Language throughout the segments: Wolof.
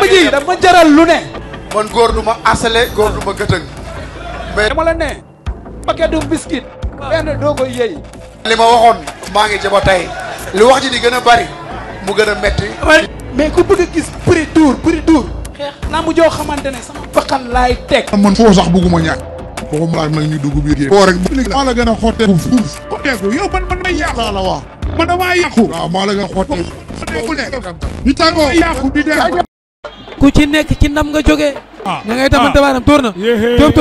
lamb ji dama jaral lu ne. man goor du ma asale góor du ma gëtëng. mais dama la ne. paquet du biscuit. benn doo koy yëy. li ma waxoon maa ngi jaba tey. li wax ji di gën a bari mu gën a metti. mais ku bëgg a gis prix dur prix dur. xeex naa mu joo xamante ne sama bakkan laay teg. man foo sax bëgguma ñàkk. waxuma laaj nag ñu dugg biir kii. koo rek maa la gën a xottee. fuuf xotteeku yow man man may yàqu. la wax man damaa yàqu. waaw maa la gën a xottee. ñu tàngoo yàqu di dem. ku ci nekk ci nam nga jógee. ah ngay damante baaraam tóor na.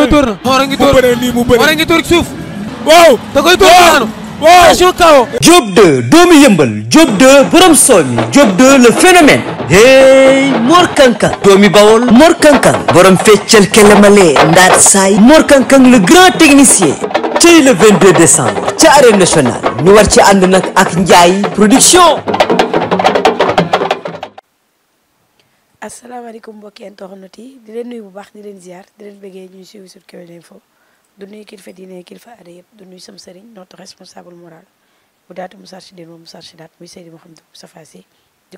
tóor na. Mor a ngi tóor Mor a ngi tóor suuf. waaw da koy tóor daanu. waaw attention kawo. Diop 2 doomu yëmbal Diop borom soomi Diop 2 le phénomène. hey Mor Kankang doomi Bawol Mor Kankang borom feccal kelemale ndaat saay Mor Kankang le grand technicien. ci le décembre ca arène nationale ñu war ci ànd nag ak Ndiaye production. asalaamaaleykum mbokki internet yi di leen nuyu bu baax di leen ziar di leen bëggee ñuy suivi sur Kewel Info du yëpp du nuyu sam sëriñ notre responsable moral bu daatu mu sarchi mu sarchi daat muy Seydi Mouhamadou Moustapha Sy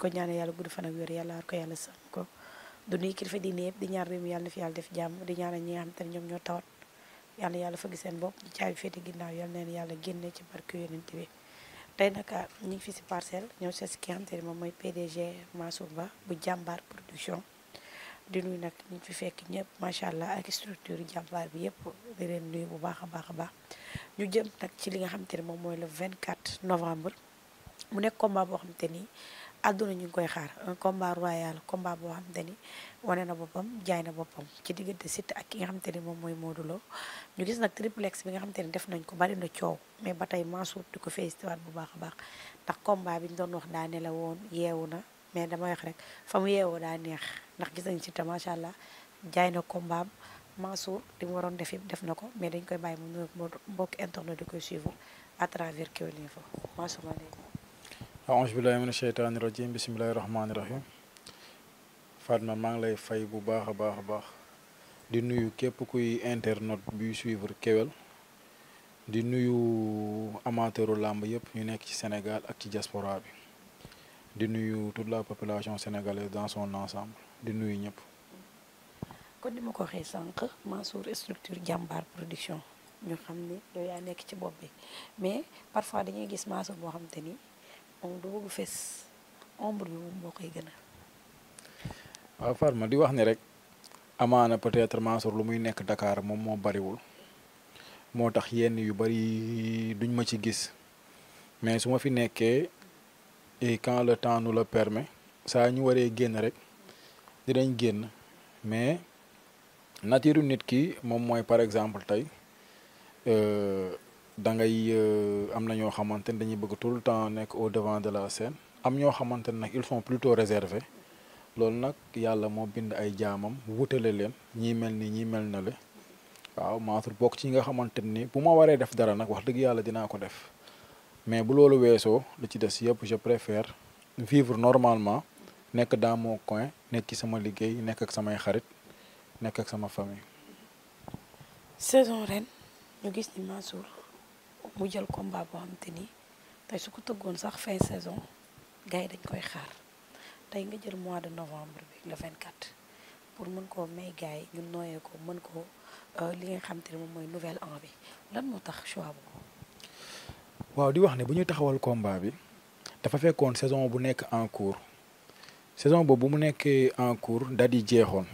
ko ñaane yàlla gudd fan ak wér yàlla aar ko yàlla sàmm ko diine yëpp di ñaar réew mi yàlla na fi yàlla def jàmm di ñaanal ñi nga te ñoom ñoo tawat yàlla yàlla fëgg seen bopp ñu caabi féete ginnaaw yàlla neen yàlla génne ci barke yonent bi tey nag ah, ñu fi si parcelle ñëw sees ki xam te ne moom mooy PDG Mansour Ba bu jàmbaar production di nuy nag ñu fi fekk ñëpp macha allah ak structure jàmbaar bi yëpp di leen nuyu bu baax a baax a baax ñu jëm nag ci li nga xam te ne moom mooy le quatre novembre mu nekk combat boo xam te ni. àdduna ñu ngi koy xaar un combat royal combat boo xamante ni wane na boppam jaay na boppam ci diggante sit ak ki nga xamante ni moom mooy Modou ñu gis nag triplex bi nga xamante ni def nañ ko bari na coow mais ba tey Mansour di ko félicité bu baax a baax ndax combat bi ñu doon wax daa ne la woon yeewu na mais dama wax rek fa mu yeewoo daa neex ndax gis nañ Siteu macha allah jaay na combat Mansour di mu waroon def yëpp def na ko mais dañ koy bàyyi mu nuyoog mbokk internet di koy suivre à travers Kewel Info Mansour ma aouzu billahi mina sheytaani rajim bisimilahi rahmaani rahim Fatma maa ngi lay fay bu baax a baax a baax di nuyu képp kuy internet buy suivre Kewel di nuyu amateuru làmb yëpp ñu nekk ci Sénégal ak ci diaspora bi di nuyu tout la population sénégalaise dans son ensemble di nuyu ñëpp. kon ni ma ko waxee sànq Mansour structure jàmbaar production ñu xam ni yow nekk ci bopp bi mais parfois dañuy gis Mansour boo xam te ni. moom du bëgg fees ombre bi moom moo koy gënal. waaw Fatma di wax ni rek amaana peut-être Mansour lu muy nekk Dakar moom moo bariwul moo tax yenn yu bari duñ ma ci gis mais su ma fi nekkee et le temps nu le permet saa ñu waree génn rek dinañ génn mais nature nit ki moom mooy par exemple tey. Euh, da ngay euh, am na ñoo xamante ne dañuy bëgg tout le temps nekk au devant de la scène am ñoo xamante ne nag ils sont plutôt réservés loolu nag yàlla moo bind ay jaamam wutale leen ñii mel ni ñii mel na le waaw Mansour bokk ci nga xamante ni bu ma waree def dara nag wax dëgg yàlla dinaa ko def mais bu loolu weesoo lu ci des yëpp je préfère vivre normalement nekk dans mon coin nekk ci sama liggéey nekk ak samay xarit nekk ak sama famille. mu jël combat boo xam ni tey su ko tëggoon sax fin saison gars dañ koy xaar tey nga jël mois de novembre bi le 24 pour mën koo may gars yi ñu nooyee ko mën ko euh, li nga xam ne moom mooy nouvelle en bi lan moo tax choix boobu. di wax ne bu ñuy taxawal combat bi dafa fekkoon saison bu nekk en cours saison boobu mu nekkee en cours daal di jeexoon.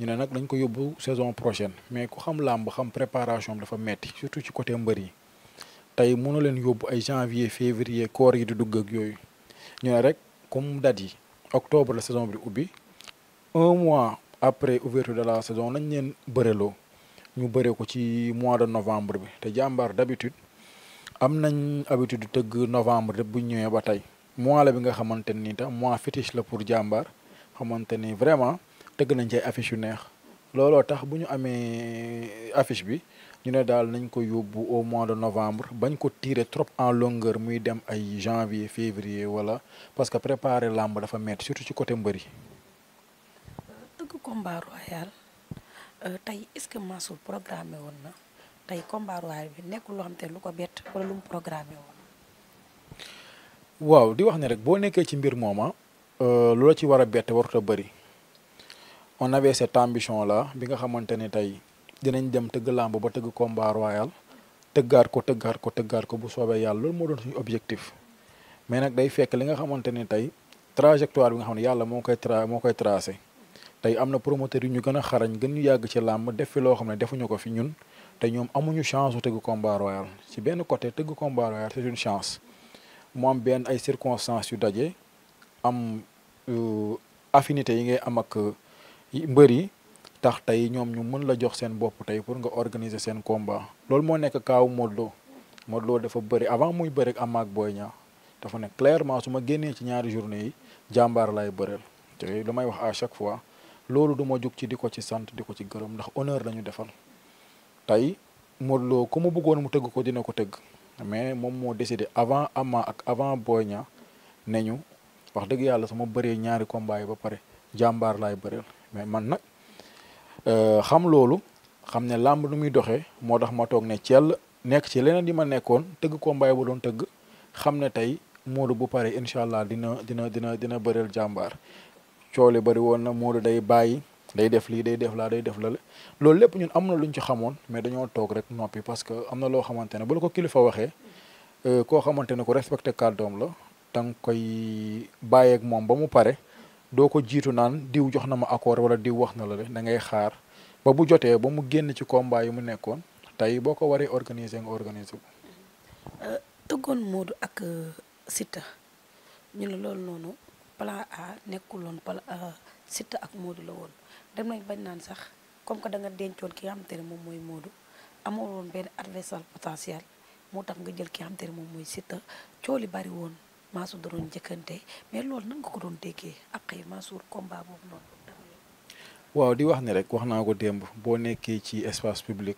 ñu ne nag dañ ko yóbbu saison prochaine mais ku xam làmb xam préparation bi dafa metti surtout ci côté mbër yi tey mënu leen yóbbu ay janvier février koor yi di dugg ak yooyu ñoo ne rek comme date yi octobre la saison bi ubbi un mois après ouverture de la saison nañ leen bëreloo ñu bëree ko ci mois de novembre bi te jàmbaar d'habitude am nañ habitude du tëgg novembre bu ñu ñëwee ba tey mois la bi nga xamante ni tam mois fétiche la pour jàmbaar xamante ni vraiment tëgg nañ ci ay affiche yu neex looloo tax bu ñu amee affice bi ñu ne daal nañ ko yóbbu au mois de novembre bañ ko tirer trop en longueur muy dem ay janvier février wala parce que préparer làmb dafa metti surtout ci côté mbëri. dëgg combat royal euh, tey est-ce que Mansour programmé woon na tey combat royal bi nekkul loo xam te lu ko bett wala lu mu woon. waaw di wax ne rek boo nekkee ci mbir mooma euh, loola ci war a bett warut a bëri on avait cette la bi nga xamante ne tey dinañ dem tëgg làmb ba tëgg combat royal tëggaat ko tëggaat ko tëggaat ko bu soobee yàlla loolu moo doon suñu objectif mais nag day fekk li nga xamante ne tey trajectoire bi nga xam ne yàlla moo koy tra moo koy tracé tey am na promoteur yu ñu gën a xarañ gën ñu yàgg ci làmb def fi loo xam ne defuñu ko fi ñun te ñoom amuñu chance su tëgg combat royal ci benn côté tëgg combat royal c'est une chance mu benn ay circonstances yu daje am euh, affinité yi ngay am ak euh, mbër yi ndax tey ñoom ñu mën la jox seen bopp tey pour nga organiser seen combat loolu moo nekk kaaw Modou Lo Modou Lo dafa bëri avant muy bëri ak Ama ak Boy Niang dafa ne clairement su génnee ci ñaari journée yi jàmbaar lay bëreel te wax à chaque fois loolu du ma jug ci di ko ci sant di ko ci gërëm ndax honneur la ñu tey Modou ku mu bëggoon mu tëgg ko dina ko tëgg mais moom moo décidé avant Ama ak avant Boy Niang ne ñu wax dëgg yàlla su ma ñaari combat yi ba pare jàmbaar laay bëreel mais man nag. Euh, xam loolu xam ne làmb nu muy doxee moo tax ma toog ne Thiel nekk ci leneen di ma nekkoon tëgg combat bu doon tëgg xam ne tey Modou bu pare incha allah dina dina dina dina bëreel jàmbaar coole bëri woon na Modou day bàyyi day def lii day def laa day def lale loolu lépp ñun am na luñ ci xamoon mais dañoo toog rek noppi parce que am na loo xamante ne bu ko kilifa waxee euh, koo xamante ne ku respecté kàddoom la danga koy bàyyeek moom ba mu pare. doo ko jiitu naan diw jox na ma accord wala diw wax na la da ngay xaar ba bu jotee ba mu génn ci combat yi mu nekkoon tey boo ko waree organiser nga organiser ko. Euh, tëggoon Modou ak euh, sita ñu la loolu noonu plan A nekkul woon plan euh, Siteu ak Modou la woon dem nañ bañ naan sax comme que da nga dencoon ki nga xamante ne moom mooy Modou amoo woon benn adversaire potentiel moo tax nga jël ki nga xamante ne moom mooy Siteu cooli bari woon. Mansour da doon mais loolu nan nga ko doon déggee ak ay Mansour combat boobu noonu. waaw di wax ni rek wax naa ko démb boo nekkee ci espace public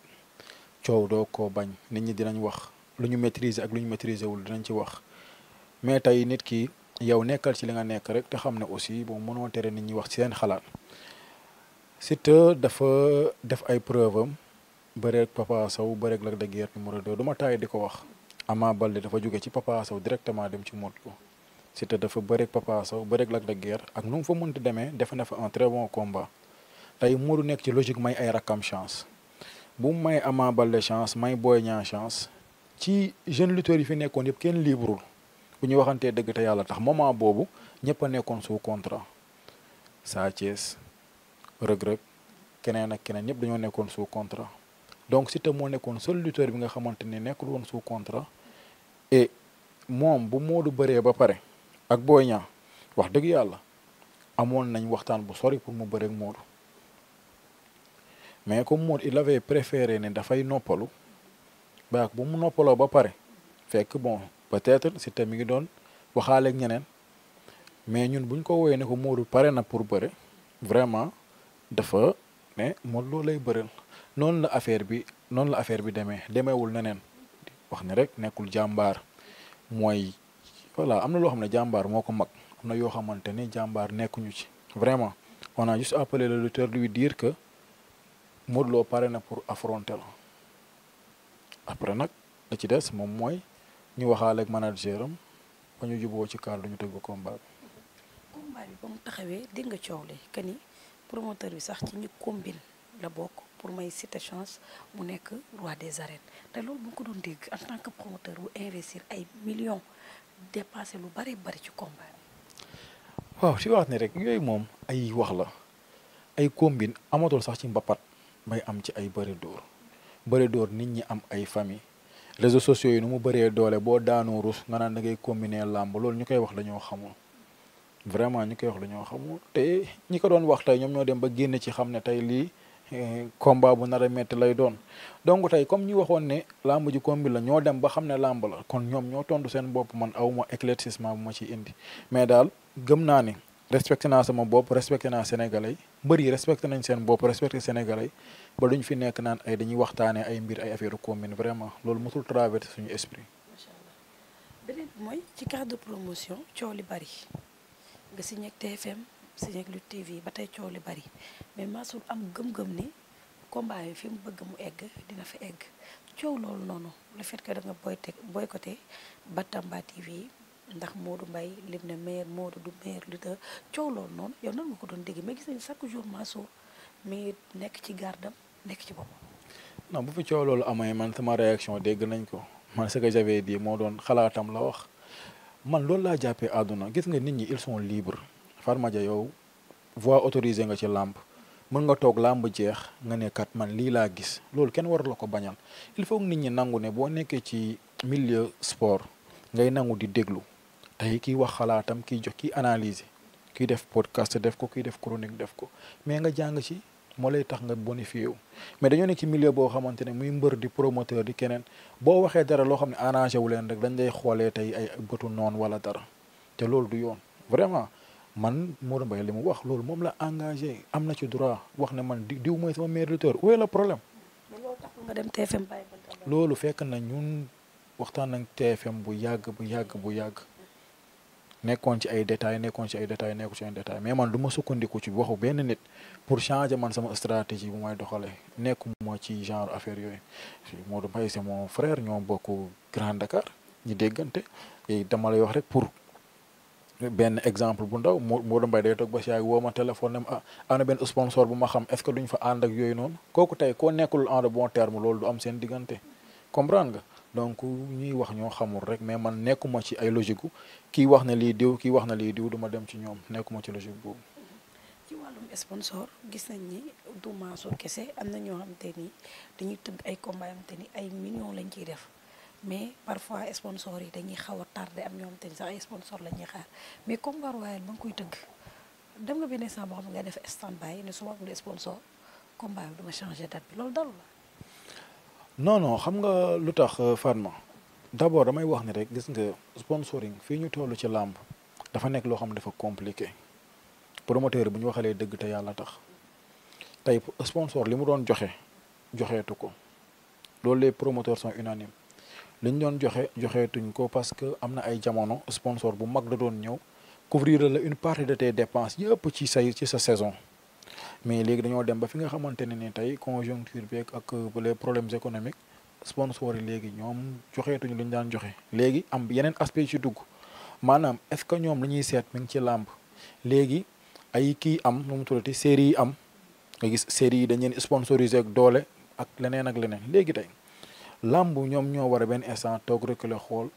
coow doo ko bañ nit ñi dinañ wax lu ñu maîtriser ak lu ñu maîtriser wul dinañ ci wax mais tey nit ki yow nekkal ci li nga nekk rek te xam ne aussi boo mënoo tere nit ñi wax ci seen xalaat. Siteu dafa def ay preuve am bëreeg Papa Sow bëreeg Lac de Guiers numéro 2 du ma taay di ko wax. Ama Baldé dafa jóge ci Papa Sow directement dem ci Modou Lo dafa bëreeg Papa Sow bëreeg Lac de Guiers ak nu mu fa mënti demee defe na fa un très bon combat tey Modou nekk ci logique may ay rakkam bu mu may Ama Baldé chance may Boy Niang chance ci jeune lutteurs yi fi nekkoon yëpp kenn libreul bu ñu waxantee dëgg te yàlla tax moment boobu ñëpp a nekkoon sous contra Sa Thiès Reug keneen ak keneen ñëpp dañoo nekkoon sous contra donc Siteu moo nekkoon seul lutteur bi nga xamante ni nekkul woon sous et eh, moom bu Modou bëree ba pare ak Boy Niang wax dëgg yàlla amoon nañ waxtaan bu sori pour mu bëree ak Modou mais comme Modou il avait préféré ne dafay noppalu ba bu mu noppaloo ba pare fekk bon peut-être si tamit mi ngi doon waxaaleek ñeneen mais ñun buñ ko woowee ne ko Modou pare na pour bëre vraiment dafa ne Modou loo lay bëreel noonu la affaire bi noonu la affaire bi demee demeewul neneen wax ne rek nekkul jàmbaar mooy voilà am na loo xam ne jàmbaar moo ko mag am na yoo xamante ne jàmbaar nekkuñu ci vraiment on a juste appelé le lutteur lui diir que Modou Lo pare na pour affronter la après nag la ci des moom mooy ñu waxaale ak manager am ba ñu juboo ci kàddu ñu tëgg ba combat bi. combat bi ba mu taxawee dégg coow li que promoteur bi sax ci ñu combine la bokk. pour may Siteu chance mu nekk roi des arènes te loolu bu ko doon dégg en tant que promoteur bu investir ay millions dépasser lu bari bari ci combat waaw si wax ni rek yooyu moom ay wax la ay combine amatul sax ci mbapat may am ci ay bëri dóor bëri dóor nit ñi am ay famille réseaux sociaux yi nu mu bëree doole boo daanoo rus nga naan da ngay combiner làmb loolu ñu koy wax la ñoo xamul. vraiment ñu koy wax la ñoo xamul te ñu ko doon wax tey ñoom ñoo dem ba génn ci xam ne tey lii. Eh, combat bu nar a metti lay doon donc tey comme ñu waxoon ne làmb ji combi la ñoo dem ba xam ne làmb la kon ñoom ñoo tontu seen bopp man aw ma éclaircissement bu ma ciy indi mais daal gëm naa ne respecté naa sama bopp respecté naa sénégalais mbër yi respecté nañ seen bopp respecté sénégalais ba duñ fi nekk naan ay dañuy waxtaanee ay mbir ay affaire commune vraiment loolu mosul traversé suñu esprit. macha allah beneen bi mooy ci cadre de si rek Lutte TV ba tey coow lu bari mais Mansour am gëm-gëm ni combat yi fi mu bëgg mu egg dina fi egg coow loolu noonu le fait que da nga boyte boycotté Bantamba TV ndax Modou Mbaye lim ne maire Modou du maire lutteur coow loolu noonu yow nan nga ko doon dégg ma gis nañ chaque jour Mansour mi ngi nekk ci gardam nekk ci boppam. non bu fi coow loolu amee man sama réaction dégg nañ ko man ce que j'avais moo doon xalaatam la wax man loolu laa jàppee àdduna gis nga nit ñi ils sont libres. Farmadia yow voix autorisé nga ci làmb mën nga toog làmb jeex nga ne man lii laa gis loolu kenn waru la ko bañal il faut nit ñi nangu ne boo nekkee ci milieu sport ngay nangu di déglu tey kiy wax xalaatam kiy jox kiy analyser kiy def podcast def ko kiy def chronique def ko mais nga jàng ci moo lay tax nga bonifié wu mais dañoo ne ci milieu boo xamante ne muy mbër di promoteur di keneen boo waxee dara loo xam ne arrangé wu leen rek dañ lay xoolee tey ay bëtu wala dara te man Modou Mbaye li mu wax loolu moom la engagé am na ci droit wax ne man diw may sama mériteur où est le problème. nga loolu fekk na ñun waxtaan nañ TFM bu yàgg bu yàgg bu yàgg. nekkoon ci ay détails nekkoon ci ay détails nekkoon ci ay mais man du ma sukkandiku ci waxu benn nit pour changer man sama stratégie bu may doxalee nekkuma ci genre affaire yooyu Modou Mbaye c'est mon frère ñoo bokk Grand Dakar ñu déggante dama lay wax rek pour. benn exemple bu ndaw Modou Mbaye day toog ba si yaay woo ma téléphone ne ma ah ana benn sponsor bu ma xam est-ce que duñ fa ànd ak yooyu noonu kooku tey koo nekkul en de bon terme loolu du am seen diggante comprendre nga donc ñuy wax ñoo xamul rek mais man nekkuma ci ay logique gu kii wax na lii diw kii wax na lii diw duma dem ci ñoom nekkuma ci logique boobu. ci wàllum sponsor gis nañ ni du Mansour kese am na ñoo te ni dañuy tëgg ay combat am te ni ay millions lañ ciy def. mais parfois sponsor yi dañuy xaw a tardé am ñoom tamit sax ay sponsor la ñuy xaar mais combat royal ba nga koy tëgg dem nga benn instant boo xam ne nga def stand by ne su ma amul sponsor combat bi duma changé date loolu dalu xam nga lu tax euh, Fatma d' abord damay wax ni rek gis nga sponsoring fii ñu toll ci làmb dafa nekk loo xam ne dafa compliqué promoteur bu ñu waxalee dëgg te yàlla tax tey sponsor li mu doon joxe joxeetu ko loolu les promoteurs sont unanimes li doon joxe joxeetuñ ko parce que am na ay jamono sponsor bu mag da doon ñëw couvrir la une partie de tes dépenses yëpp ci say ci sa saison mais léegi dañoo dem ba fi nga xamante ne ni tey conjoncture bi ak les problèmes économiques sponsors yi léegi ñoom joxeetuñ li ñu daan joxe léegi am yeneen aspect ci dugg maanaam est-ce que ñoom la ñuy seet mi ngi ci làmb léegi ay kii am nu mu tuddati série yi am nga gis série yi dañ leen sponsorisé ak doole ak leneen ak leneen léegi tey làmb ñoom ñoo war benn instant toog reculer xool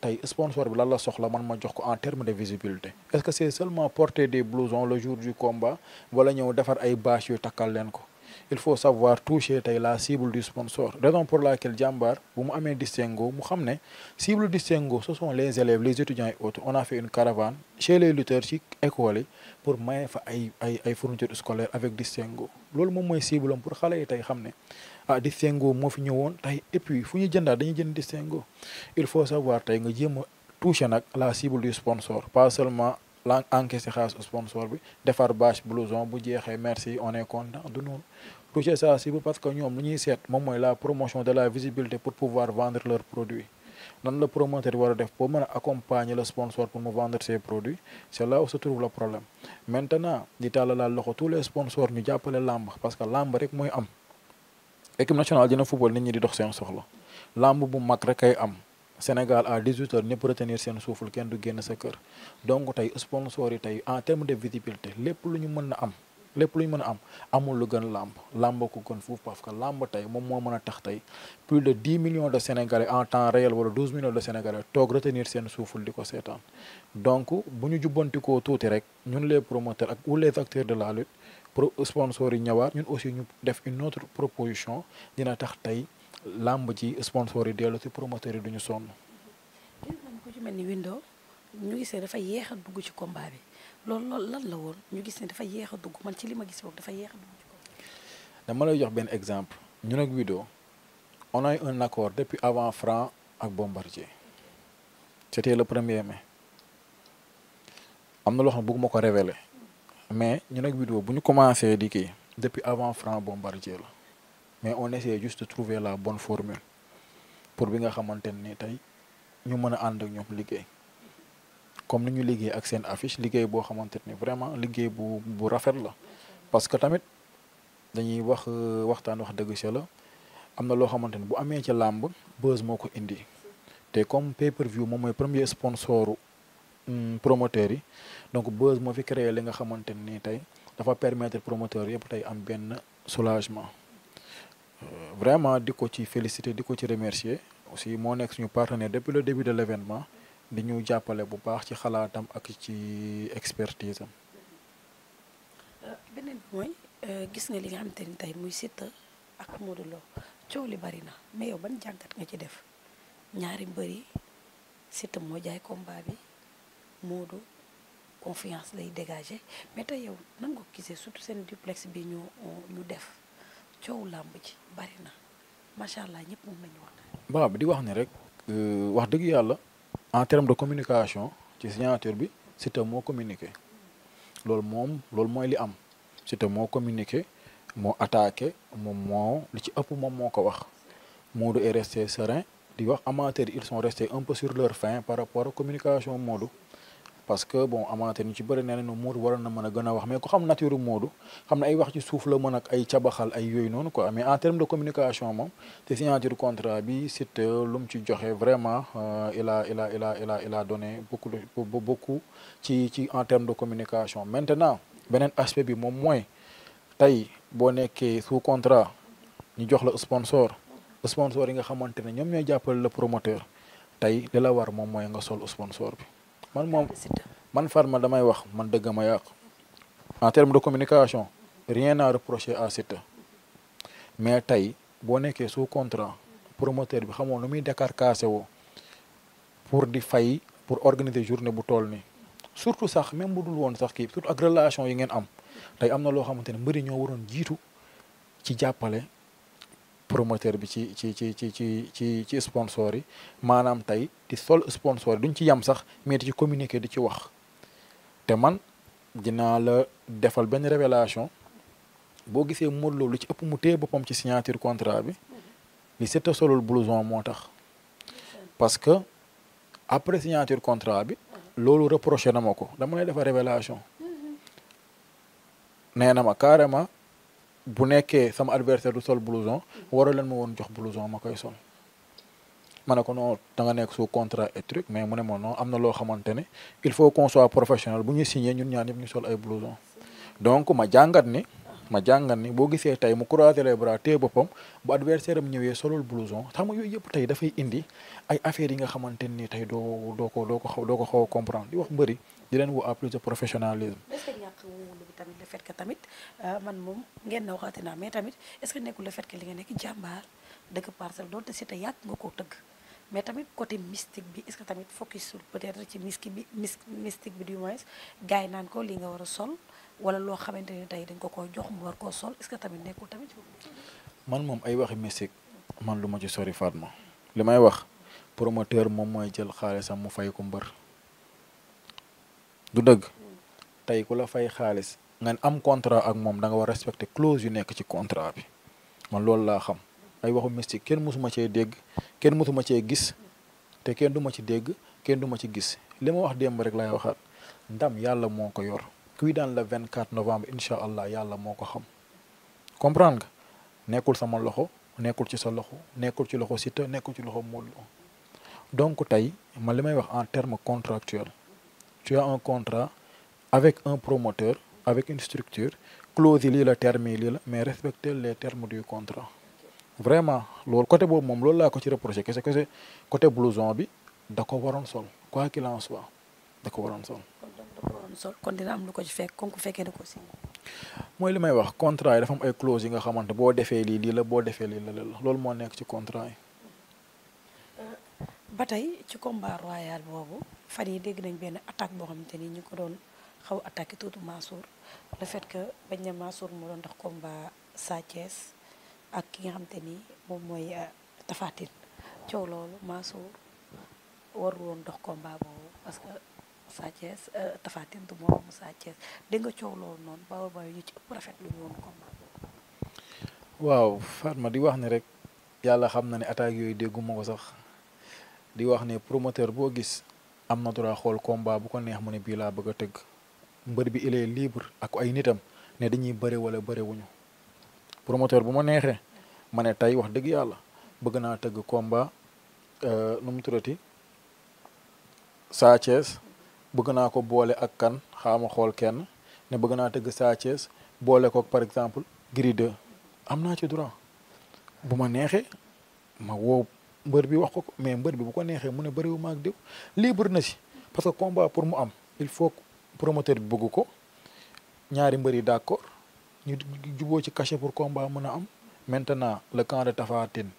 tey sponsor bi lan la soxla man ma jox ko en terme de visibilité est-ce que c'est seulement porter des on le jour du combat wala ñëw defar ay bâche yu takkal leen ko il faut savoir toucher tey la cible du sponsor raison pour laquelle jàmbaar bu mu amee distingo mu xam ne cible distingo ce sont les élèves les étudiants et autres on a fait une caravane chez les ci école yi pour maye fa ay ay ay fournitures scolaires avec distingo loolu mooy cible am xale yi tey xam ne ah distingo moo fi ñëwoon tey et puis fu ñu jëndaat dañuy jënd distingo il faut savoir tey nga jéem a nag la cible du sponsor pas seulement la encaissé xaalis sponsor bi defar bâche blouson bu jeexee merci on est du noonu toucher sa cible parce que ñoom lu ñuy seet moom mooy la promotion de la visibilité pour pouvoir vendre leurs produits nan la promoteur war a def pour mën a accompagner le sponsor pour mu vendre ses produits c' est là où se trouve le problème maintenant di tàllalaal parce que làmb rek mooy am équipe nationale dina football nit ñi di dox seen soxla làmb bu mag rek ay am Sénégal à 18 heures ñëpp retenir seen suuful kenn du génn sa kër donc tey sponsor yi tey en terme de visibilité lépp lu ñu mën a am lépp lu ñu mën a am amul lu gën làmb làmb ko gën foofu parce que làmb tey moom moo mën a tax tey plus de 10 millions de sénégalais en temps réel wala 12 millions de sénégalais toog retenir seen suuful di ko seetaan donc bu ñu jubbantikoo tuuti rek ñun les promoteurs ak ou les acteurs de la lutte pour sponsor yi ñëwaat ñun aussi ñu def une autre proposition dina tax tey làmb ji sponsor yi dellu si promoteur yi duñu sonn. ku ci mel ni Windo ñu gis ne dafa yéex a dugg ci combat bi loolu loolu lan la woon ñu gis ne dafa yéex a dugg man ci li ma gis boog dafa yéex dugg ci combat dama lay jox benn exemple ñun ak Windo on a un accord depuis avant Franc ak Bombardier c'était le premier mai am na loo xam ne ko révéler. mais ñu nag vidéo bu ñu commencé di depuis avant Franc Bombardier la mais on essaie juste de trouver la bonne formule pour bi nga xamante ni tey ñu mën a ànd ak ñoom liggéey comme ni ñu liggéey ak seen affiche liggéey boo xamante ni vraiment liggéey bu bu rafet la parce que tamit dañuy wax euh, waxtaan wax dëgg si la am na loo xamante ni bu amee ci làmb buzz moo ko indi te comme pay per view moom mooy premier sponsor Mm, promoteurs yi donc Beuz moo fi créé li nga xamante ni tey dafa permettre promoteurs yëpp tey am benn soulagement euh, vraiment di ko ci féliciter di ko ci remercier aussi moo nekk suñu partenaire depuis le de l'événement di ñu jàppale bu baax ci xalaatam ak ci expertise am. Euh, beneen bi mooy euh, gis nga li nga xamante ni tey muy Siteu ak Modou Lo coow li bari na mais yow ban jàngat nga ci def ñaari mbër yi Siteu moo jaay combat bi. Modou confiance lay dégager mais tey yow nan ko gisee surtout seen duplex bi ñu ñu def coow làmb ji bari na macha allah ñëpp moom lañu wax. di wax ni rek euh, wax dëgg yàlla en terme de communication ci signature bi Siteu moo communiqué loolu moom loolu mooy li am Siteu moo communiqué moo attaqué moom moo li ci ëpp moom moo ko wax Modou est resté serein di wax amateurs ils sont restés un peu sur leur faim par rapport à communication Modou. parce que bon amaate ñu ci bëri nee nañu Modou waroon na mën a gën a wax mais ku xam nature Modou xam ne ay wax ci suuf la mën ak ay cabaxal ay yooyu noonu quoi mais en terme de communication moom te signature contrat bi Siteu lu mu ci joxe vraiment euh, il a il a il a il a il ci ci en terme de communication maintenant beneen aspect bi moom mooy tey boo nekkee sous contrat ñu jox la sponsor sponsor yi nga xamante ne ñoom ñooy jàppale la promoteur tey li la war moom mooy nga sol sponsor bi man moom man Fatma damay wax man dëgg ma yàqu en terme de communication rien à reprocher à Siteu mais tey boo nekkee sous contrat promoteur bi xamoo lu muy décarcassé woo pour di fay pour organiser journée bu tool nii surtout sax même bu dul woon sax kii surtout ak relation yi ngeen am tey am na loo xamante ne mbëri ñoo waroon jiitu ci jàppale promoteur bi ci ci ci ci ci ci ci sponsor yi maanaam tey di sol sponsor yi duñ ci yam sax mais di ci communiquer di ci wax te man dinaa la defal benn révélation boo gisee Modou Lo lu ci ëpp mu téye boppam ci signature contrat bi li Siteu solul blouson moo tax parce que après signature contrat bi loolu reproché na ma ko dama lay defal révélation mm-hmm. nee ma carrément bu nekkee sama adversaire du sol blouson waroo leen ma woon jox blouson ma koy sol ma ne ko non da nga nekk su contrat et truc mais mu ne ma non am na loo xamante ne il faut qu'on soit bu ñu signee ñun ñaan yëpp ñu sol ay blouson donc ma jàngat ni ma jàngat ni boo gisee tey mu croiser les bras téye boppam bu adversaire am ñëwee solul blouson xam nga yooyu yëpp tey dafay indi ay affaires yi nga xamante ni tey doo doo ko doo ko xaw doo ko xaw a comprendre di wax bëri di leen woo à plus tamit le fait que tamit euh, man moom ngeen na waxaati naa mais tamit est-ce que nekkul le fait que li nga nekk jàmbaar dëkk parcelle doonte si te yàgg nga koo tëgg mais tamit côté mystique bi est-ce que tamit focus sur peut-être ci mystique bi mystique bi du moins gars yi naan ko li nga war a sol wala loo xamante ni tey dañ ko koo jox mu war koo sol est que tamit nekkul tamit. man moom ay waxi mystique man lu ma ci sori Fatma li may wax promoteur moom mooy jël xaalisam mu fay ko mbër du dëgg tey ku la fay xaalis nga am contrat ak moom danga nga war respecter clause yu nekk ci contrat bi man loolu laa xam ay waxu mystique kenn mosuma cee dégg kenn mosuma cee gis te kenn du ma ci dégg kenn du ma ci gis li ma wax démb rek laay waxaat ndam yàlla moo ko yor kuy daan le 24 novembre incha allah yàlla moo ko xam comprendre nga nekkul sama loxo nekkul ci sa loxo nekkul ci loxo Siteu nekkul ci loxo Modou Lo donc tey ma li may wax en terme contractuel tu as un contrat avec un promoteur avec une structure clause yi lii la terme yi lii la mais respecter les termes du contrat vraiment loolu côté boobu moom loolu laa ko ci reproché kese kese côté blouson bi da ko waroon sol quoi qu'il en da ko waroon sol. kon dina am lu ko ci fekk kon ku fekkee da ko si. mooy li may wax contrat yi dafa am ay clause yi nga xamante boo defee lii lii la boo defee lii la loolu moo nekk ci contrat yi. Euh, ba tey ci combat royal boobu fan yi dégg nañ benn attaque boo xam xamante ni ñu ko doon. xaw attaqué tuuti Mansour le fait que bañ ne Mansour moo doon dox komba Sa ak ki nga xamante ni moom mooy euh, Tapha Tine coow loolu Mansour warul woon dox combat boobu parce que Sa Thiès euh, du moromu Sa Thiès dégg nga coow loolu noonu baaw baaw ñu ci ëpp rafet di wax ne rek yàlla xam na ne attaques yooyu dégguma ko sax di wax ne promoteur boo gis am na droit xool komba bu ko neex mu ne bii laa bëgg a tëgg mbër bi il libre ak ay nitam ne dañuy bëre wala bëre wuñu promoteur bu ma neexee ma ne tey wax dëgg yàlla bëgg naa tëgg combat euh, nu mu turati Sa bëgg naa ko boole ak kan xaama xool kenn ne bëgg naa tëgg Sa boole ko par exemple Gris am naa ci droit bu ma neexee ma woo mbër bi wax ko mais mbër bi bu ko neexee mu ne bëriwuma ak diw libre na si parce que combat pour mu am il faut promoteur bi bëgg ko ñaari mbër yi d'accord ñu juboo ci cachet pour combat mën a am maintenant le camp de Tapha Tine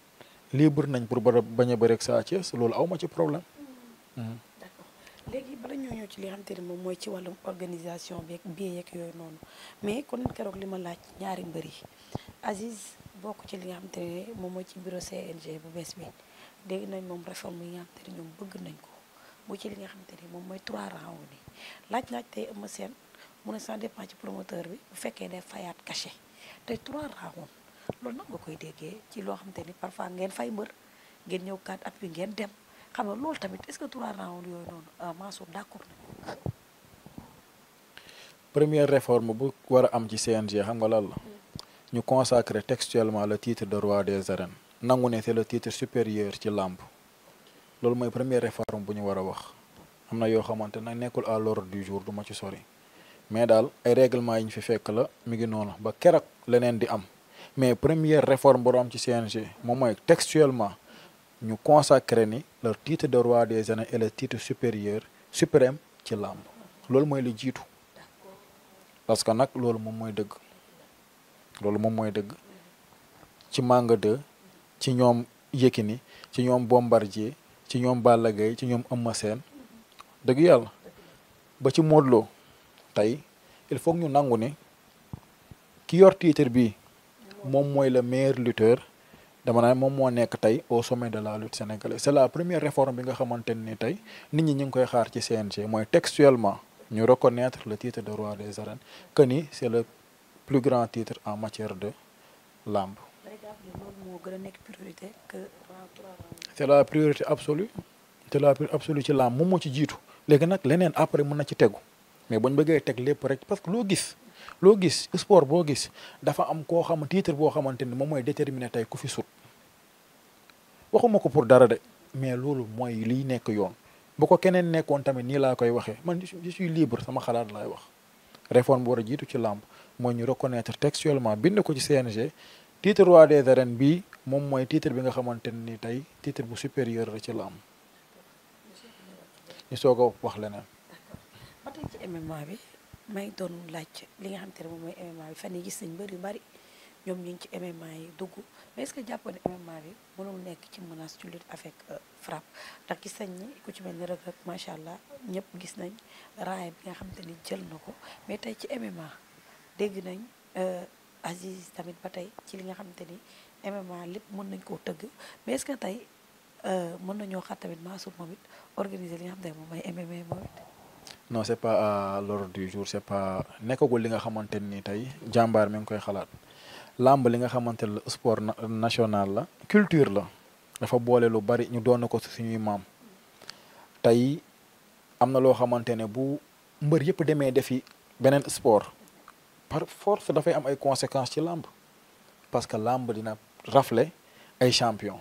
libre nañ pour ba bañ a bëre ak Sa Thiès loolu aw ma ci problème. Hmm. Hmm. léegi bala ñoo ñëw ci li xam moom mooy ci wàllum organisation beeg biir yeeg yooyu noonu mais kon keroog li ma laaj ñaari mbër yi Aziz bokk ci li nga xam te ne moom mooy ci bureau CNG bu bees bi dégg nañ moom réforme yi nga xam te ne ñoom bëgg nañ ko mu ci li nga xam te ne moom mooy trois rounds ni laaj-laaj tey Eumeu Sène mu ne ça dépend ci promoteur bi bu fekkee day fayaat cachet te trois rounds loolu nag nga koy déggee ci loo xamante ni parfois ngeen fay mbër ngeen ñëw kat at ngeen dem xam nga lool tamit est-ce que trois rounds yooyu noonu euh, Mansour première réforme bu war am ci CNG xam nga lan la hmm. ñu consacrer textuellement le titre de roi des arènes nangu ne c'est le titre supérieur ci làmp loolu mooy première réforme bu ñu war a wax am na yoo xamante nag nekkul à l'ordre du jour duma ci sori mais daal ay règlement yi ñu fi fekk la mi ngi noonu ba kerok leneen di am mais première réforme bu am ci CNG moom mooy textuellement ñu consacré ni le titre de roi des arènes et le titre supérieur suprême ci làmb loolu mooy li jiitu parce que nag loolu moom mooy dëgg loolu moom mooy dëgg ci Manga 2 ci ñoom ni ci ñoom Bombardier ci ñoom Balla ci ñoom Eumeu Sène dëgg yàlla ba ci Modou tey il faut ñu nangu ni ki yor tiitre bi moom mooy le meilleur lutteur dama naa moom moo nekk tey au sommet de la lutte sénégalaise c'est la première réforme bi nga xamante ni tey nit ñi ñu ngi koy xaar ci CNG mooy textuellement ñu reconnaître la titre de roi des arènes que ni c'est le plus en matière de lamb. c'est la priorité absolue c'est la priorité absolue ci lamb moom moo ci jiitu. léegi nag leneen après mën na ci tegu mais buñ bëggee teg lépp rek parce que loo gis loo gis sport boo gis dafa am koo xam tiitre boo xamante ni moom mooy déterminer tey ku fi sut waxuma ko pour dara de mais loolu mooy liy nekk yoon bu ko keneen nekkoon tamit nii laa koy waxee man je suis libre sama xalaat laay wax réforme bu war jiitu ci làmp mooy ñu reconnaître textuellement bind ko ci CNG titre roi des arènes bi moom mooy titre bi nga xamante ni tey titre bu supérieur la ci làmb ñu soog a wax leneen. ba tey ci MMA bi may doon laaj li nga xam te ne moom mooy MMA bi fan yi gis nañ mbër yu bari ñoom ñu ngi ci MMA yi dugg mais est-ce que jàppoon ne MMA bi mënul nekk ci menace ci lutte avec euh, frappe ndax gis nañ ni ku ci mel ni rek rek macha allah ñëpp gis nañ raay bi nga xam te ni jël na ko mais tey ci MMA dégg nañ euh, Aziz tamit ba tey ci li nga xam te ni MMA lépp mën nañ koo tëgg mais est tey. Euh, mën nañoo xaar tamit Mansour moom it organiser li nga xam ne moom mooy MMA moom est pas à euh, l'ordre jour c' est pas nekkagul li nga xamante ni tey jàmbaar mi ngi koy xalaat làmb li nga xamante ne sport nationale la culture la dafa boole lu bari ñu doon ko suñuy maam tey am na loo xamante ne bu mbër yëpp demee defi beneen sport par force dafay am ay conséquences ci làmb parce que làmb dina rafle ay champion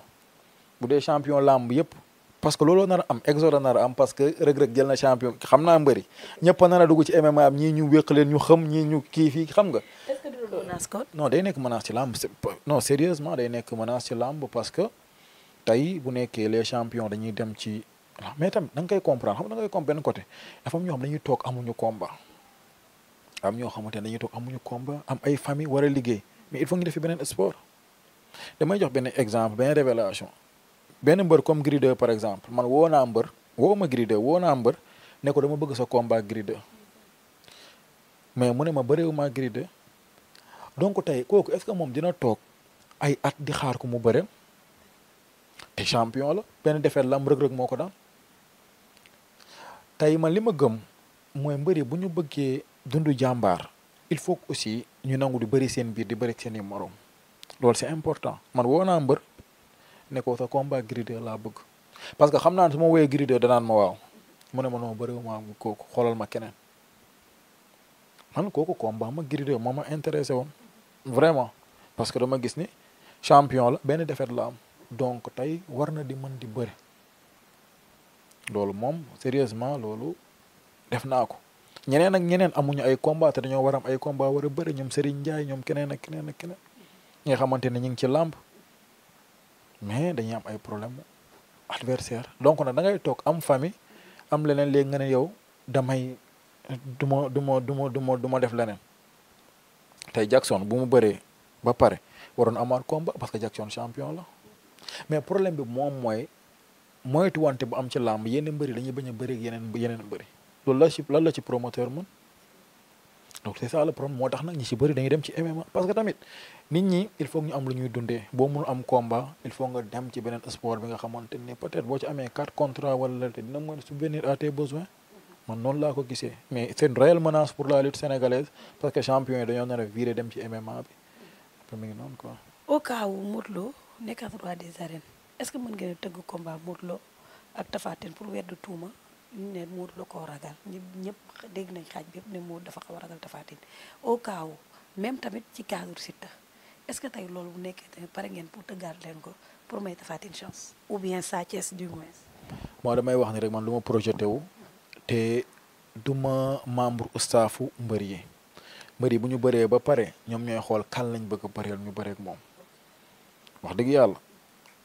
bu dee champion lamb yëpp parce que looloo nar am exode nar am parce que rëg-rëg jël na champion xam naa mbëri ñëpp a nar a dugg ci MMA am ñii ñu wéq leen ñu xam ñii ñu kii fii xam nga. est-ce que day nekk menace ci làmb non sérieusement day nekk menace ci làmb parce que tey bu nekkee les champions dañuy dem ci mais tam da nga koy comprendre xam da nga comprendre côté dafa am ñoo xam dañuy toog amuñu combat am ñoo xamante ne dañuy toog amuñu combat am ay famille war a liggéey mais il faut ñu def beneen sport damay jox benn exemple benn révélation benn mbër comme Gris 2 par exemple man woo naa mbër woo ma Gris 2 woo naa mbër ne ko dama bëgg sa combat Gris mais mu ne ma bëreewuma Gris 2 donc tey kooku est-ce que moom dina toog ay at di xaar ko mu bëre te champion la benn defet la am rëg-rëg moo ko daan tey ma li ma gëm mooy mbëri bu ñu bëggee dundu jàmbaar il faut aussi ñu nangu di bëri seen biir di bëri seen i morom loolu c'est important man woo naa mbër ne ko sa combat Gris 2 laa bëgg parce que xam naa ne su ma woowee Gris 2 danaan ma waaw mu ne ma non bëriwuma kooku xoolal ma keneen man kooku combat ma Gris 2 moo ma intéressé woon vraiment parce que dama gis ni champion la benn défaite la am donc tey war na di mën di bëri loolu moom sérieusement loolu def naa ko ñeneen ak ñeneen amuñu ay combat te dañoo war am ay combat war a bëri ñoom Serigne Ndiaye ñoom keneen ak keneen ak keneen ñi nga xamante ne ñu ngi ci làmb mais dañuy am ay problème adversaire donc nag da ngay toog am famille am leneen léegi nga ne yow damay duma ma du ma du ma du du ma def leneen tey Jackson bu mu bëree ba pare waroon amaat combat parce que Jackson champion la mais problème bi moom mooy moytu wante bu am ci làmb yeneen mbëri dañuy bañ a bëri ak yeneen yeneen mbëri loolu la ci lan la ci promoteur mën donc c'est ça problème moo tax nag ñi ci bëri dañuy dem ci MMA parce que tamit nit ñi il faut ñu am lu ñuy dundee boo mënu am combat il faut nga dem ci beneen sport bi nga xamante ne peut-être boo ci amee quatre contrats wala te dina mën subvenir à tes besoins man noonu laa ko gisee mais c'est une réelle pour la lutte sénégalaise parce que champion yi dañoo nar a virer dem ci MMA bi après mi ngi noonu quoi. au cas où Modou nekk est-ce que mën ngeen a tëgg combat Modou pour weddu tuuma. ñu ne Modou da ko ragal ñëpp dégg nañ xaaj bi yëpp ne Modou dafa xaw a ragal Tapha Tine au cas même tamit ci cadre Siteu est-ce que tey loolu bu nekkee tamit pare ngeen pour tëggaat leen ko pour may Tapha Tine chance ou bien Sa Thiès du moins. moo damay wax ni rek man lu ma projeté wu te du ma membre ustaafu mbër yi mbër bu ñu bëree ba pare ñoom ñooy xool kan lañ bëgg a bëreel ñu bëree ak moom wax dëgg yàlla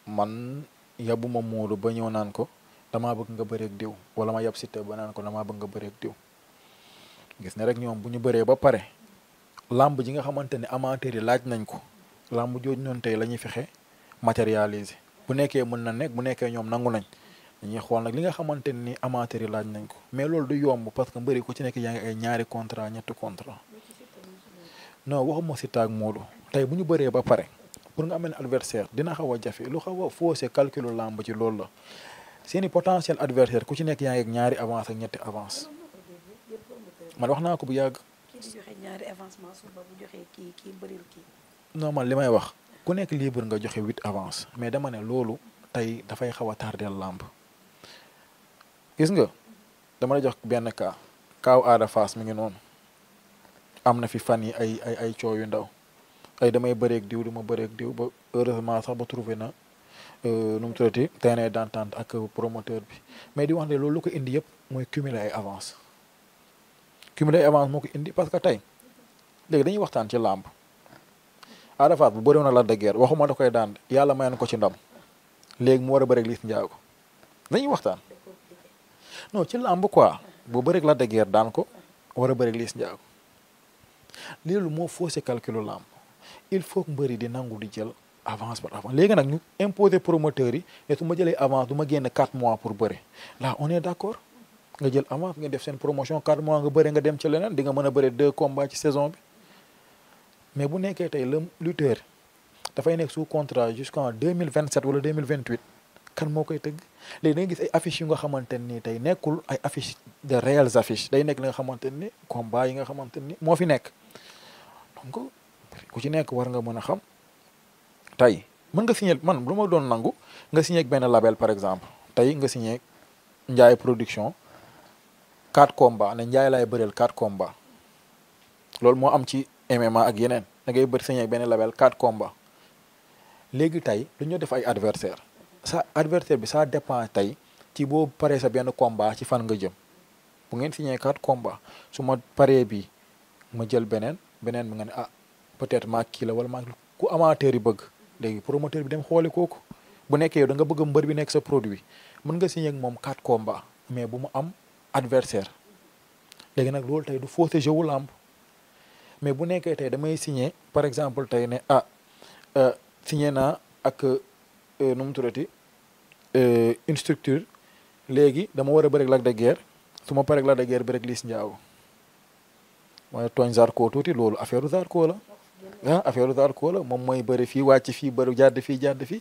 man yabuma Modou ba ñëw naan ko. damaa bëgg nga bëreeg diw wala ma yab Siteu ba naan ko damaa bëgg nga bëreeg diw gis ne rek ñoom bu ñu bëree ba pare làmb ji nga xamante ne amateur yi laaj nañ ko làmb jooju noonu tey la ñuy fexe matérialiser bu nekkee mën na nekk bu nekkee ñoom nangu nañ dañuy xool nag li nga xamante ni amateur yi laaj nañ ko mais loolu du yomb parce que mbëri ko ci nekk yaa ngi ay ñaari contrat ñetti contrat non waxuma si taag Moodu tey bu ñu bëree ba pare pour nga amee adversaire dina xaw a jafe lu xaw a faussé calculu làmb ci loolu la seeni potentiel adversaire ku ci nekk yaa ngi ak ñaari avance ak ñetti avance man wax naa ko bu yàgg. kii ñaari avance Mansour Ba li may wax ku nekk libre nga joxe huit avance mais dama ne loolu tey dafay xaw a tardeel làmb gis nga dama la jox benn cas kaaw aada faas mi ngi noonu am na fi fan yi ay ay ay coow yu ndaw ay damay bëreeg diw duma bëreeg diw ba heureusement sax ba trouvé na Euh, nu mu tuddati terrain d'entente ak promoteur bi mais di wax ne loolu ko indi yëpp mooy cumuler ay avance cumuler ay avance moo ko indi parce que tey léegi dañuy waxtaan ci làmb Ada Fass na la de waxuma da koy daan yàlla mayoon ko ci ndam léegi mu war a bëri Liss Ndiago dañuy waxtaan no ci làmb quoi bu bëri la de guerre daan ko war a bëri Liss Ndiago loolu moo faussé calculu làmb il faut mbëri di nangu di jël. avance par avance léegi nag ñu imposer promoteurs yi ne su ma jëlee avance ma génn 4 mois pour bëre là on est d' accord nga jël seen promotion 4 nga bëre nga dem ci leneen di nga a bëre deux combats ci mais bu nekkee tey le lutteur dafay nekk sous contrat jusqu'en 2027 wala 2028 kan moo koy tëgg léegi da nga gis ay affiches yu nga xamante ni tey nekkul ay affiches de réelles affiches day nekk li nga xamante ni combat yi nga xamante ni moo fi nekk donc ku ci nekk war nga mën a xam. tey mën nga signé man lu ma doon nangu nga siñee benn label par exemple tey nga siñee njaay production quatre combats ne njaay laay bëreel quatre combats loolu moo am ci MMA ak yeneen da ngay bëri signé ak benn label quatre combats léegi tey lu ñu def ay adversaire sa adversaire bi sa dépend tey ci boo paree sa benn combat ci fan nga jëm bu ngeen signé quatre komba su ma paree bi ma jël beneen beneen bi nga ne ah peut-être maa kii la wala maa ku amateur yi bëgg léegi promoteur bi dem xooli kooku bu nekkee yow da nga bëgg mbër bi nekk sa produit mën nga signé ak moom quatre combats mais bu mu am adversaire léegi nag loolu tey du fausser jeu wu làmb mais bu nekkee tey damay signé par exemple tey ne ah euh, signé naa ak euh, nu mu tuddati euh, une léegi dama war a bëri Lac de Guiers su ma paree Lac de Guiers bëri Liss Ndiago mooy tooñ Zarko tuuti loolu affaire Zarko la. ah affaire daal koo la moom mooy bëri fii wàcc fii bëri jàdd fii jàdd fi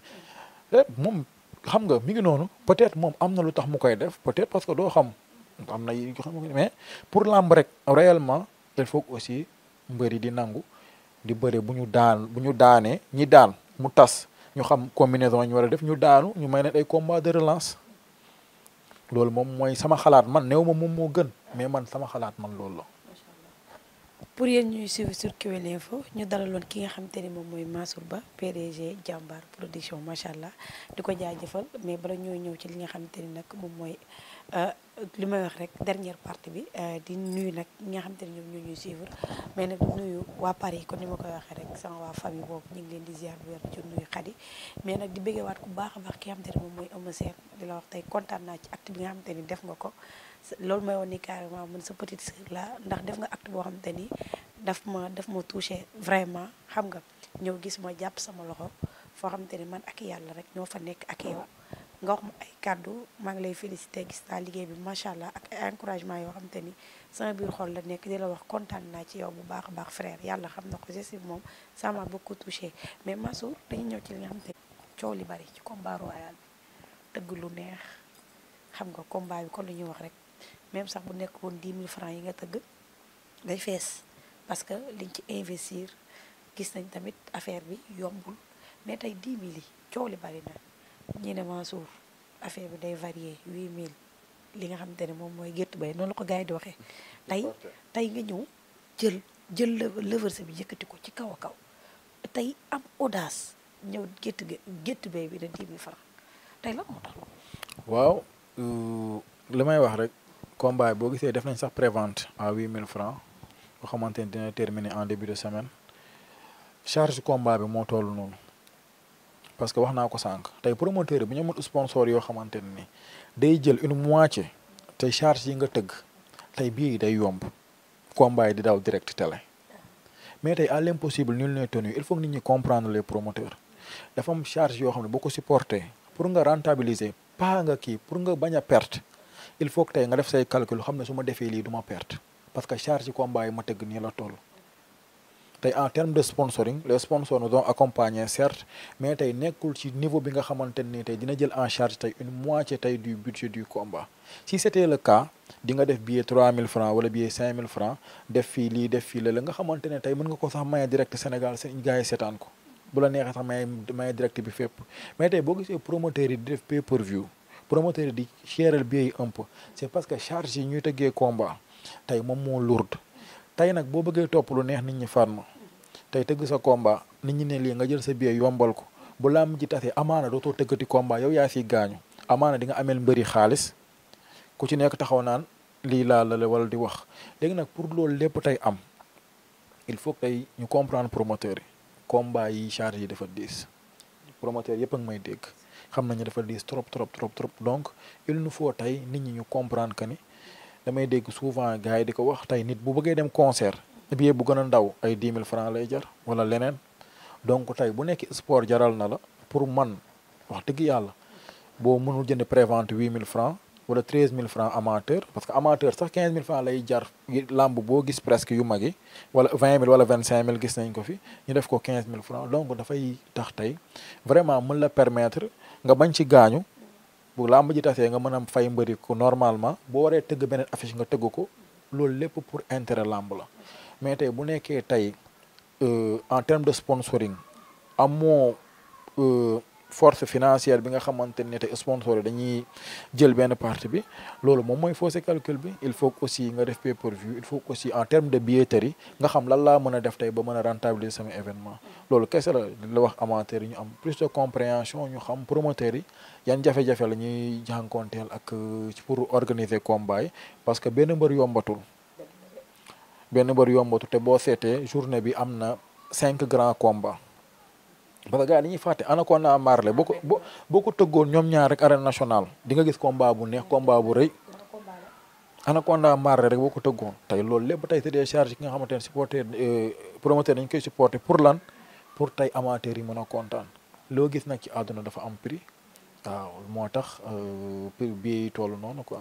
eh, moom xam nga mi ngi noonu peut-être moom am na lu tax mu koy def peut-être parce que doo xam am na yu xam mais pour làmb rek réellement il faut aussi mbëri di nangu di bëri bu ñu daan bu ñu daanee ñi daan mu tas ñu xam combinaison ñu war def ñu daanu ñu may ne ay combat de relance loolu moom mooy sama xalaat man néew ma moom moo gën mais man sama xalaat man loolu la. pour yéen ñuy suivre sur Kewel Info ñu dalaloon ki nga xamante ni moom mooy Mansour Ba PDG jàmbaar production macha allah di ko jëfal mais bala ñoo ñëw ci li nga xamante ni nag moom mooy euh, li may wax rek dernière partie bi euh, di nuyu nag ñi nga xamante ñoom ñoo ñuy suivre mais nag nuyu waa Paris kon ni ma koy waxee rek sama waa famille boobu ñu ngi leen di ziar bu wér ci nuyu xadi mais nag di bëggeewaat ku baax a baax ki nga xamante ni moom mooy Eumeu Sène di la wax tey kontaan naa ci acte bi nga xamante ni def nga ko. loolu mooy woon ni carrément man sa petite sœur la ndax def nga acte boo xam ni daf ma daf ma touché vraiment xam nga ñëw gis ma jàpp sama loxo foo xam ni man ak yàlla rek ñoo fa nekk ak yow nga wax ay kàddu maa ngi lay félicité gis naa liggéey bi macha allah ak encouragement yoo xam te ni sama biir xol la nekk di la wax kontaan naa ci yow bu baax baax frère yàlla xam na ko geste bi moom ça m'a beaucoup touché mais Mansour dañu ñëw ci li nga xam te li bari ci combat royal bi lu neex xam nga combat bi kon ñuy wax rek même sax bu nekk woon 10 000 francs yi nga tëgg day fees parce que liñ ci investir gis nañ tamit affaire bi yombul mais tey 10 000 yi coow li bari na ñi ne Mansour affaire bi day varier mille li nga xamante ne moom mooy gétt bay noonu la ko gars yi di waxee tey tey nga ñëw jël jël leveur bi yëkkati ko ci kaw a kaw tey am audace ñëw gétt gétt bay bi ne 10 000 francs tey la moo tax waaw euh, li may wax rek combat boo gisee def nañ sax prévente à huit mille francs nga xamante ni dina terminer en début de semaine charge combat bi moo toll noonu parce que wax naa ko sànq tey promoteur bi ñu amul sponsor yoo xamante ni day jël une moitié te charge yi nga tëgg tey bii day yomb combat yi di daw direct télé mais tey à l'impossible nul n'est tenu il faut que nit ñi comprendre les promoteurs dafa charge yoo xam ne boo ko supporter pour nga rentabiliser pas nga kii pour nga bañ a perte il faut que tey nga def say calcul xam ne su ma defee lii du ma perte parce que charge yi combat yi ma tëgg nii la toll tey en terme de sponsoring les sponsors nous ont accompagnés certes mais tey nekkul ci niveau bi nga xamante ni tey dina jël en charge tey une moitié tey du budget du combat si c'était le cas di nga def billet 3000 francs wala billet 5000 francs def fii lii def fii la la nga xamante ne tey mën nga ko sax maye direct Sénégal seen gars yi seetaan ko bu la mais tey boo gisee promoteurs yi di def promoteur yi di cheral billet yi un peu parce que charge yi ñuy tëggee komba tey moom moo lourde tey nag boo bëggee topp lu neex nit ñi ma tey tëgg sa combat nit ñi ne lii nga jël sa billet yombal ko bu làmb ji tasee amaana dootoo tëggati komba yow yaa siy gaañu amaana di nga ameel mbëri xaalis ku ci nekk taxaw naan lii laa la wala di wax léegi nag pour loolu lépp tey am il faut que tey ñu comprendre promoteur yi combat yi charge yi dafa diis promoteur yëpp a ngi dégg xam nañu dafa diis trop trop trop trop donc il nous faut tey nit ñi ñu comprendre que ni damay dégg souvent gars yi di ko wax tey nit bu bëggee dem concert billet bu gën a ndaw ay dix mille francs lay jar wala leneen donc tey bu nekk sport jaral na la pour man wax dëgg yàlla boo mënul jënd prévente huit mille francs wala treize mille francs amateur parce que amateur sax quinze mille francs lay jar lamb boo gis presque yu mag yi wala vingt mille wala vingt cinq mille gis nañ ko fi ñu def ko quinze mille francs donc dafay tax tey vraiment mën la permettre nga bañ ci gaañu bu làmb ji tasee nga mën am fay mbëri ko normalement boo waree tëgg beneen affiche nga tëgg ko loolu lépp pour intérêt làmb la mais tey bu nekkee tey euh, en terme de sponsoring amoo euh, force financière bi nga xamante ne te sponsor yi dañuy jël benn partie bi loolu moom mooy faussé calcul bi il faut aussi nga def pay pour view il faut aussi en terme de billetterie nga xam lan laa mën a def tey ba mën a rentabiliser sama événement loolu kese la la wax amateurs yi ñu am plus de compréhension ñu xam promoteurs yi yan jafe-jafe la ñuy jànkoonteel ak euh, pour organiser combat yi parce que benn mbër yombatul benn mbër yombatul te boo seetee journée bi am na cinq grands combats parce que gars yi dañuy fàtte Anaconda Marley boo ko boo ko tëggoon ñoom ñaar rek arène nationale di nga gis combat bu neex combat bu rëy Anaconda Marley rek boo ko tëggoon tey loolu lépp tey c'est des charges ki nga xamante ne supporter euh, promoteur dañ koy supporter pour lan pour tey amateurs yi mën a kontaan loo gis nag ci àdduna dafa am prix waaw moo tax euh, prix bi toll noonu quoi.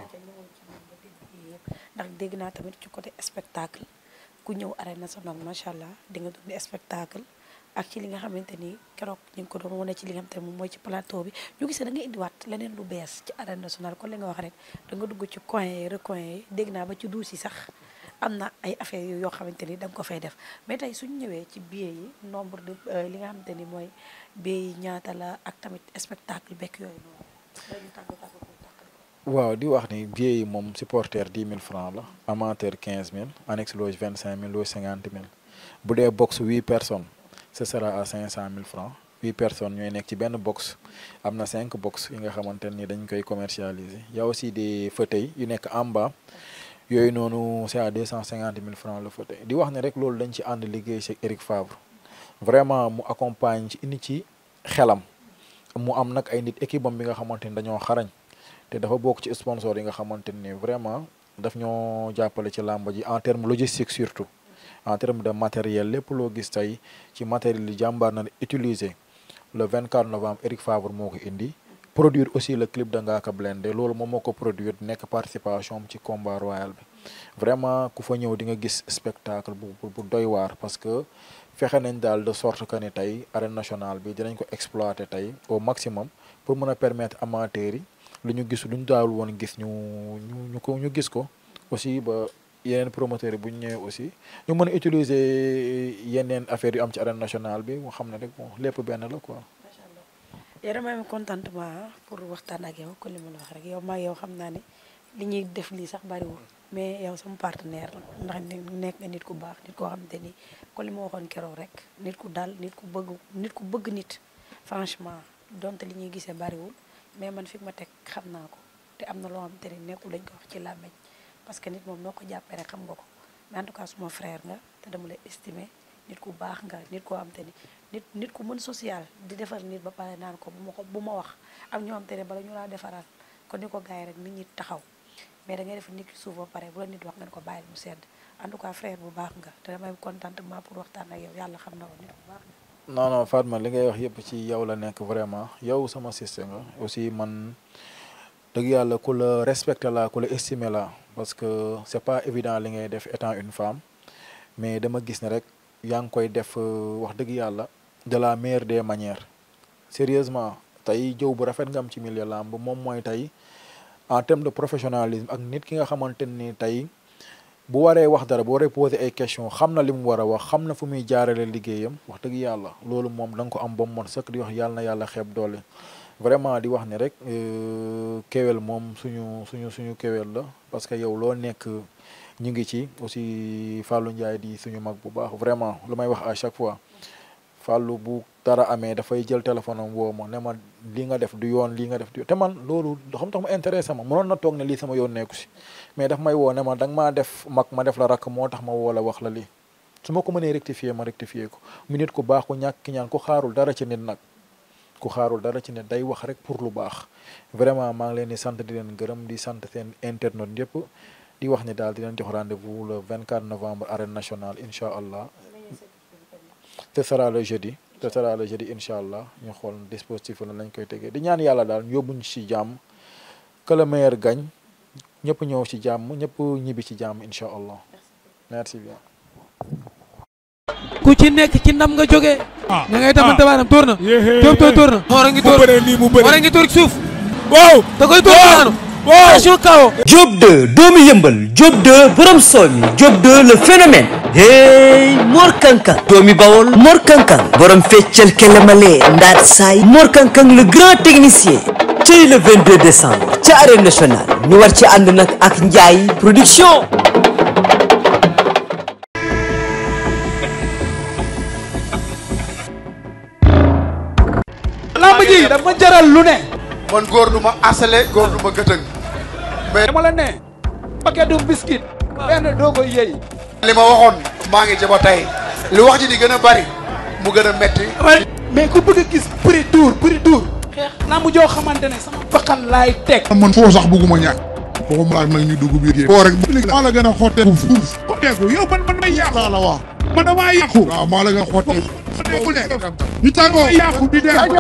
ndax dégg naa tamit ci côté spectacle ku ñëw arène nationale macha allah di nga dund spectacle. ak ci li nga xamante ni keroog ñu ngi ko doon wane ci li nga xamante ni moom mooy ci plateau bi ñu gisee da nga indiwaat leneen lu bees ci arène nationale kon li nga wax rek da nga dugg ci coin yi recoin yi dégg naa ba ci duus yi sax am na ay affaire yoo xamante ni da ko fay def mais tey suñu ñëwee ci billet yi nombre de euh, li nga xamante ni mooy billet yi ñaata la ak tamit spectacle bekk yooyu noonu waaw di wax ni billet yi moom supporter 10 mille francs la amateur 15 000 annexe loge 25 000 loge 50 000 bu dee box 8 personnes ce sera cinq cent mille francs huit personnes ñooy nekk ci benn box am na cinq box yi nga xamante nii dañ koy commercialiser y si aussi des fauteuils yu nekk en bas yooyu noonu c'est à 250 000 francs le fauteuil di wax ne rek dañ ci ànd liggéey chez Eric Favre vraiment mu accompagne ci indi ci xelam mu am nag ay nit équipe am bi nga xamante ni dañoo xarañ te dafa bokk ci sponsor yi nga xamante ni vraiment daf ñoo jàppale ci làmb ji en terme logistique surtout en termes de matériel lépp loo gis tey ci matériel yi jàmbaar na utiliser le 24 novembre Eric Favre moo ko indi produire aussi le clip de Ngaaka Blindé loolu moom moo ko produire nekk participation am ci combat royal bi vraiment ku fa ñëw di nga gis spectacle bu bu doy waar parce que fexe nañ daal de sorte que ni tey arène nationale bi dinañ ko exploiter tey au maximum pour mën a permettre amateurs yi lu ñu gis lu ñu daawul woon gis ñu ñu ñu ko ñu gis ko aussi ba yeneen promoteurs yi bu ñu ñëwee aussi ñu mën a utiliser yeneen affaires yu am ci arène nationale bi mu xam na rek bon lépp benn la ko macha allah contentement pour waxtaan ak yow kon li ma la wax rek yow maa yow xam naa ni li ñuy def lii sax bariwul mais yow sama partenaire la ndax nekk na nit ku baax nit koo xamante ni ko li ma waxoon keroog rek nit ku dal nit ku bëgg nit ku bëgg nit franchement donte li ñuy gisee bariwul mais man fi ma teg xam naa ko te am na loo xamante ni nekkul dañ ko wax ci làmmiñ parce que nit moom noo ko jàppee rek xam nga ko mais en tout cas suma frère nga te dama la estimer nit ku baax nga nit koo xam te ni nit nit ku mën social di defar nit ba pare naan ko bu ma ko bu ma wax am ñoo xam te ne bala ñu laa defaraat kon ni ko gars yi rek nit ñi taxaw mais dangay ngay def nit ki suuf ba pare bu la nit wax nga ne ko bàyyil mu sedd en tout cas frère bu baax nga te damay contentement pour waxtaan ak yow yàlla xam na ko nit bu baax li ngay wax yëpp ci yow la nekk vraiment yow sama sister aussi man dëgg yàlla ku la respecté la ku la estimé la parce que c'est pas évident li ngay def étant une femme mais dama gis ne rek yaa ngi koy def euh, wax dëgg yàlla de la meilleure des manière sérieusement tey jëw bu rafet nga am ci milieu làmb moom mooy tey en terme de professionnalisme ak nit ki nga xamante ni tey bu waree wax dara bu waree poser ay question xam na li mu war a wax xam na fu muy jaarale liggéeyam wax dëgg yàlla loolu moom da ko am ba mu mot sëkk di wax yàlla na yàlla xeeb doole vraiment di wax ni rek euh, Kewel moom suñu suñu suñu Kewel la parce que yow loo nekk ñu ngi ci aussi Fallou Ndiaye di suñu mag bu baax vraiment lu may wax à chaque fois Fallou bu dara amee dafay jël téléphone am woo ma ne ma li nga def du yoon li nga def du te man loolu xam tax ma intéressé ma mënoon na toog ne lii sama yoon nekku si mais daf may woo ne ma da nga maa def mag ma def la rakk moo tax ma woo wax la lii su ma ko mënee rectifier ma rectifier ko mu nit ku baax ku ñàkk ki ñaan ku xaarul dara ci nit nag ku xaarul dara ci ne day wax rek pour lu baax vraiment maa ngi leen di sant di leen gërëm di sant seen internet yëpp di wax ni daal di leen jox rendez-vous le 24 novembre arène national incha allah te sera le jeudi te sera le jeudi incha allah ñu xool dispositif la nañ koy tegee di ñaan yàlla daal yóbbu ñu ci jàmm que gañ meilleur ñëpp ñëw ci jàmm ñëpp ñibbi ci jàmm incha allah merci bien ku ci nekk ci nam nga jógee. ah ña ngay tamante ah. baaraam tóor na. Diop tooy tóor na. war a ngi tóor mu bëree nii mu bëree war a ngi tóor suuf. waaw da koy tóor daanu. waaw attention kawo. Diop 2 doomu yëmbal Diop 2 borom soomi Diop 2 le phénomène. hey Mor Kankang doomi Bawol Mor Kankang borom feccal kelemale ndaat saay Mor Kankang le grand technicien. tey le décembre ca arène nationale ñu war ci ànd nag ak Ndiaye production. làmb ji dafa jaral lu ne. man góor du ma asale góor du ma gëtëng. mais dama la ne. paquet du biscuit. benn doo koy yëy. li ma waxoon maa ngi jaba tey lu wax ji di gën a bari mu gën a metti mais ku bëgg a gis prix dur prix dur xeex naa mu joo xamante ne sama bakkan laay teg man foo sax bëgguma ñàkk waxuma laak foo maa la gën a xotteeku fuuf xotteeku yow man may yàqu la wax man damaa yàqu waaw maa la gën a xotteeku ñu tàngoo yàqu di dee